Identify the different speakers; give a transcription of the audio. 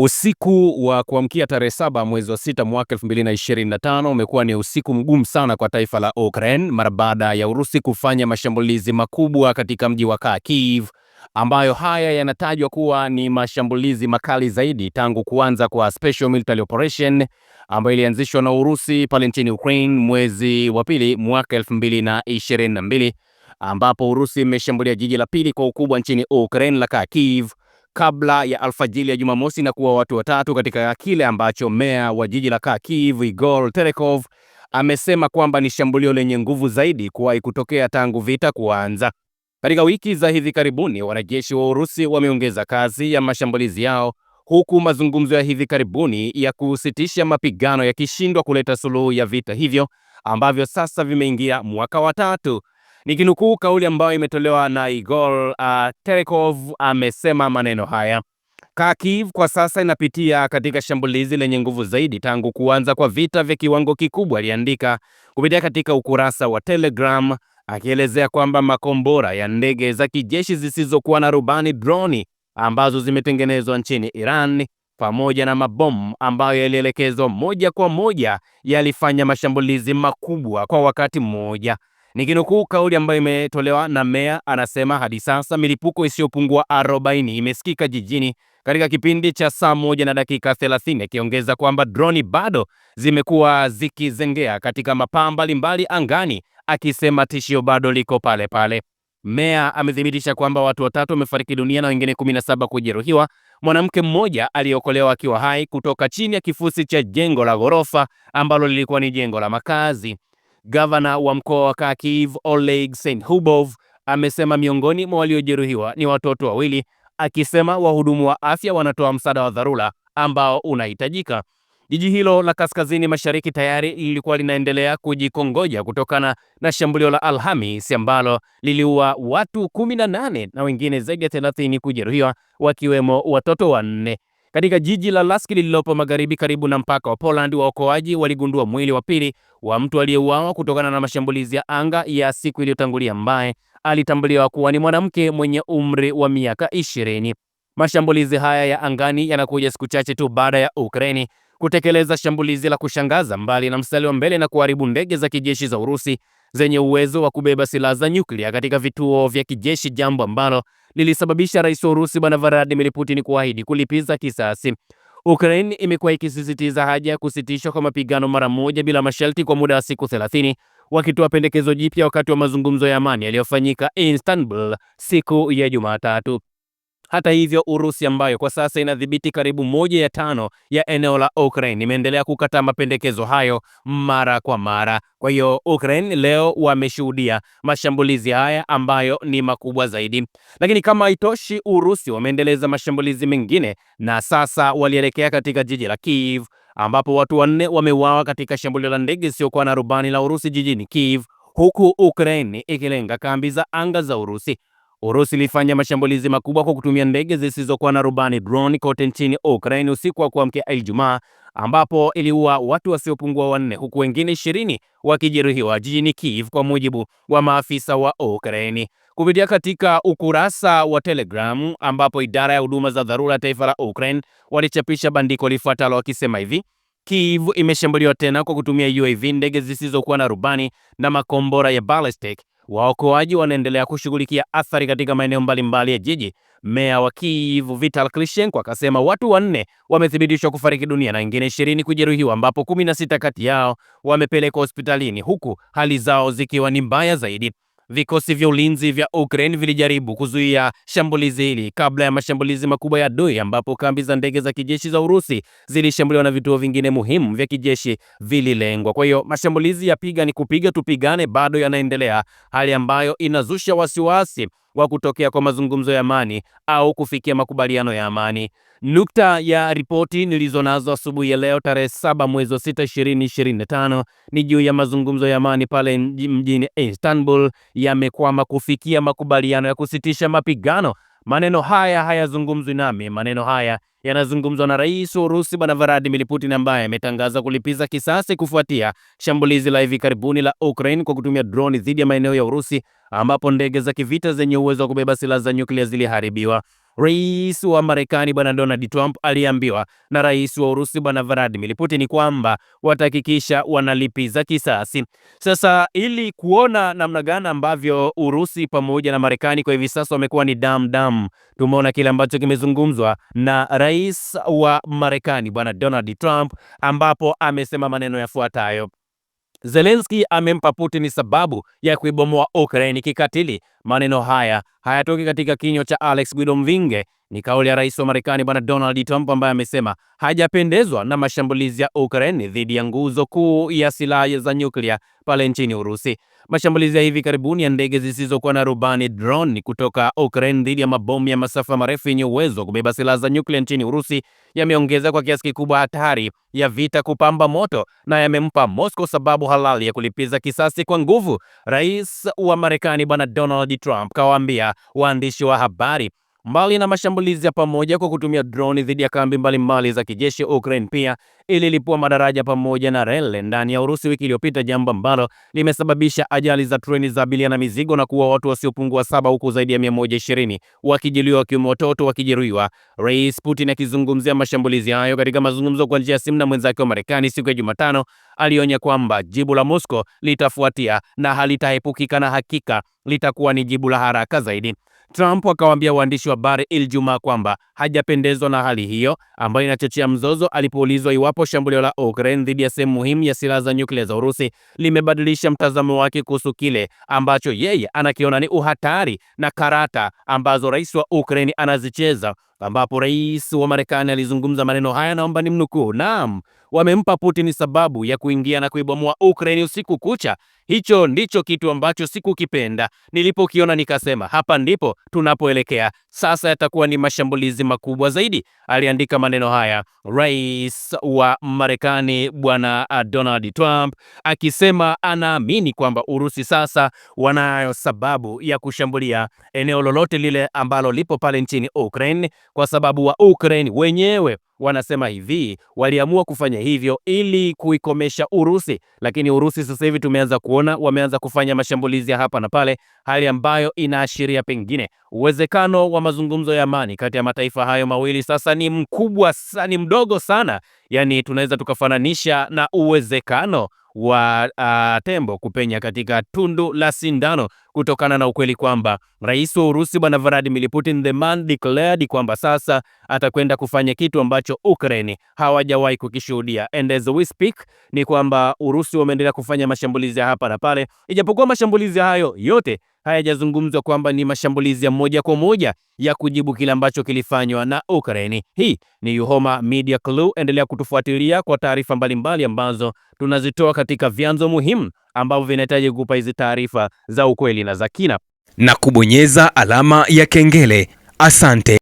Speaker 1: Usiku wa kuamkia tarehe saba mwezi wa sita mwaka 2025 umekuwa ni usiku mgumu sana kwa taifa la Ukraine mara baada ya Urusi kufanya mashambulizi makubwa katika mji wa Kharkiv, ambayo haya yanatajwa kuwa ni mashambulizi makali zaidi tangu kuanza kwa Special Military Operation ambayo ilianzishwa na Urusi pale nchini Ukraine mwezi wa pili mwaka 2022 ambapo Urusi imeshambulia jiji la pili kwa ukubwa nchini Ukraine la Kharkiv kabla ya alfajili ya Jumamosi na kuwa watu watatu katika kile ambacho meya wa jiji la Kharkiv Igor Terekov amesema kwamba ni shambulio lenye nguvu zaidi kuwahi kutokea tangu vita kuanza. Katika wiki za hivi karibuni, wanajeshi wa Urusi wameongeza kasi ya mashambulizi yao huku mazungumzo ya hivi karibuni ya kusitisha mapigano yakishindwa kuleta suluhu ya vita hivyo ambavyo sasa vimeingia mwaka wa tatu. Nikinukuu kauli ambayo imetolewa na Igor uh, Terekov amesema maneno haya: Kharkiv kwa sasa inapitia katika shambulizi lenye nguvu zaidi tangu kuanza kwa vita vya kiwango kikubwa, aliandika kupitia katika ukurasa wa Telegram, akielezea kwamba makombora ya ndege za kijeshi zisizokuwa na rubani droni ambazo zimetengenezwa nchini Iran pamoja na mabomu ambayo yalielekezwa moja kwa moja yalifanya mashambulizi makubwa kwa wakati mmoja. Nikinukuu kauli ambayo imetolewa na meya, anasema hadi sasa milipuko isiyopungua 40 imesikika jijini katika kipindi cha saa moja na dakika 30, akiongeza kwamba droni bado zimekuwa zikizengea katika mapaa mbalimbali angani, akisema tishio bado liko pale pale. Meya amethibitisha kwamba watu watatu wamefariki dunia na wengine 17 kujeruhiwa. Mwanamke mmoja aliyeokolewa akiwa hai kutoka chini ya kifusi cha jengo la ghorofa ambalo lilikuwa ni jengo la makazi. Gavana wa mkoa wa Kharkiv Oleg Senhubov amesema miongoni mwa waliojeruhiwa ni watoto wawili, akisema wahudumu wa afya wanatoa msaada wa dharura ambao unahitajika. Jiji hilo la kaskazini mashariki tayari lilikuwa linaendelea kujikongoja kutokana na shambulio la Alhamisi ambalo liliua watu 18 na wengine zaidi ya 30 kujeruhiwa wakiwemo watoto wanne. Katika jiji la Laski lililopo magharibi karibu na mpaka wa Poland, waokoaji waligundua mwili wa pili wa mtu aliyeuawa kutokana na mashambulizi ya anga ya siku iliyotangulia, ambaye alitambuliwa kuwa ni mwanamke mwenye umri wa miaka ishirini. Mashambulizi haya ya angani yanakuja siku chache tu baada ya Ukraini kutekeleza shambulizi la kushangaza mbali na mstari wa mbele na kuharibu ndege za kijeshi za Urusi zenye uwezo wa kubeba silaha za nyuklia katika vituo vya kijeshi, jambo ambalo lilisababisha rais wa Urusi Bwana Vladimir Putin kuahidi kulipiza kisasi. Ukraine imekuwa ikisisitiza haja ya kusitishwa kwa mapigano mara moja bila masharti kwa muda wa siku 30 wakitoa pendekezo jipya wakati wa mazungumzo ya amani yaliyofanyika Istanbul siku ya Jumatatu. Hata hivyo, Urusi ambayo kwa sasa inadhibiti karibu moja ya tano ya eneo la Ukraine imeendelea kukataa mapendekezo hayo mara kwa mara. Kwa hiyo Ukraine leo wameshuhudia mashambulizi haya ambayo ni makubwa zaidi, lakini kama haitoshi, Urusi wameendeleza mashambulizi mengine na sasa walielekea katika jiji la Kiev ambapo watu wanne wameuawa katika shambulio la ndege isiyokuwa na rubani la Urusi jijini Kiev, huku Ukraine ikilenga kambi za anga za Urusi. Urusi ilifanya mashambulizi makubwa kwa kutumia ndege zisizokuwa na rubani drone kote nchini Ukraine usiku wa kuamkia Ijumaa, ambapo iliua watu wasiopungua wanne huku wengine ishirini wakijeruhiwa jijini Kiev, kwa mujibu wa maafisa wa Ukraine kupitia katika ukurasa wa Telegram, ambapo idara ya huduma za dharura ya taifa la Ukraine walichapisha bandiko lifuatalo wakisema hivi: Kiev imeshambuliwa tena kwa kutumia UAV, ndege zisizokuwa na rubani na makombora ya ballistic Waokoaji wanaendelea kushughulikia athari katika maeneo mbalimbali ya jiji. Meya wa Kyiv Vital Klitschko akasema watu wanne wamethibitishwa kufariki dunia na wengine ishirini kujeruhiwa, ambapo kumi na sita kati yao wamepelekwa hospitalini huku hali zao zikiwa ni mbaya zaidi. Vikosi vya ulinzi vya Ukraine vilijaribu kuzuia shambulizi hili kabla ya mashambulizi makubwa ya adui, ambapo kambi za ndege za kijeshi za Urusi zilishambuliwa na vituo vingine muhimu vya kijeshi vililengwa. Kwa hiyo mashambulizi ya piga ni kupiga tupigane bado yanaendelea, hali ambayo inazusha wasiwasi wa kutokea kwa mazungumzo ya amani au kufikia makubaliano ya amani. Nukta ya ripoti nilizo nazo asubuhi ya leo tarehe saba mwezi wa sita ishirini ni juu ya mazungumzo ya amani pale mjini Istanbul yamekwama kufikia makubaliano ya kusitisha mapigano Maneno haya hayazungumzwi nami, maneno haya yanazungumzwa na rais wa Urusi Bwana Vladimir Putin ambaye ametangaza kulipiza kisasi kufuatia shambulizi la hivi karibuni la Ukraine kwa kutumia droni dhidi ya maeneo ya Urusi ambapo ndege za kivita zenye uwezo wa kubeba silaha za nyuklia ziliharibiwa. Rais wa Marekani bwana Donald Trump aliambiwa na rais wa Urusi bwana Vladimir Putin kwamba watahakikisha wanalipiza kisasi. Sasa ili kuona namna gani ambavyo Urusi pamoja na Marekani kwa hivi sasa wamekuwa ni dam dam, tumeona kile ambacho kimezungumzwa na rais wa Marekani bwana Donald Trump ambapo amesema maneno yafuatayo. Zelensky amempa Putin sababu ya kuibomoa Ukraine kikatili. Maneno haya hayatoki katika kinywa cha Alex Guido Mvinge, ni kauli ya rais wa Marekani bwana Donald Trump ambaye amesema hajapendezwa na mashambulizi ya Ukraine dhidi ya nguzo kuu ya silaha za nyuklia pale nchini Urusi. Mashambulizi ya hivi karibuni ya ndege zisizokuwa na rubani drone kutoka Ukraine dhidi ya mabomu ya masafa marefu yenye uwezo wa kubeba silaha za nyuklia nchini Urusi yameongeza kwa kiasi kikubwa hatari ya vita kupamba moto na yamempa Moscow sababu halali ya kulipiza kisasi kwa nguvu. Rais wa Marekani Bwana Donald Trump kawaambia waandishi wa habari Mbali na mashambulizi ya pamoja kwa kutumia droni dhidi ya kambi mbalimbali za kijeshi, Ukraine pia ililipua madaraja pamoja na reli ndani ya Urusi wiki iliyopita, jambo ambalo limesababisha ajali za treni za abiria na mizigo na kuua watu wasiopungua saba, huku zaidi ya 120 wakijeruhiwa, wakiwemo watoto wakijeruhiwa. Rais Putin akizungumzia mashambulizi hayo katika mazungumzo kwa njia ya simu na mwenzake wa Marekani siku ya Jumatano, alionya kwamba jibu la Moscow litafuatia na halitaepukika, na hakika litakuwa ni jibu la haraka zaidi. Trump akawaambia waandishi wa habari Ijumaa kwamba hajapendezwa na hali hiyo ambayo inachochea mzozo, alipoulizwa iwapo shambulio la Ukraine dhidi ya sehemu muhimu ya silaha za nyuklia za Urusi limebadilisha mtazamo wake kuhusu kile ambacho yeye anakiona ni uhatari na karata ambazo rais wa Ukraine anazicheza ambapo rais wa Marekani alizungumza maneno haya, naomba ni mnukuu. Naam, wamempa Putin sababu ya kuingia na kuibomoa Ukraine usiku kucha. Hicho ndicho kitu ambacho sikukipenda. Nilipokiona nikasema, hapa ndipo tunapoelekea sasa, yatakuwa ni mashambulizi makubwa zaidi. Aliandika maneno haya rais wa Marekani Bwana uh, Donald Trump akisema anaamini kwamba Urusi sasa wanayo sababu ya kushambulia eneo lolote lile ambalo lipo pale nchini Ukraine kwa sababu wa Ukraine wenyewe wanasema hivi, waliamua kufanya hivyo ili kuikomesha Urusi, lakini Urusi sasa hivi tumeanza kuona wameanza kufanya mashambulizi ya hapa na pale, hali ambayo inaashiria pengine uwezekano wa mazungumzo ya amani kati ya mataifa hayo mawili sasa ni mkubwa, ni mdogo sana, yani tunaweza tukafananisha na uwezekano wa uh, tembo kupenya katika tundu la sindano kutokana na ukweli kwamba rais wa Urusi bwana Vladimir Putin the man declared kwamba sasa atakwenda kufanya kitu ambacho Ukraine hawajawahi kukishuhudia. And as we speak ni kwamba Urusi wameendelea kufanya mashambulizi hapa na pale, ijapokuwa mashambulizi hayo yote hayajazungumzwa kwamba ni mashambulizi ya moja kwa moja ya kujibu kile ambacho kilifanywa na Ukraine. Hii ni Yuhoma Media Clue, endelea kutufuatilia kwa taarifa mbalimbali ambazo tunazitoa katika vyanzo muhimu ambavyo vinahitaji kukupa hizi taarifa za ukweli na za kina, na kubonyeza alama ya kengele. Asante.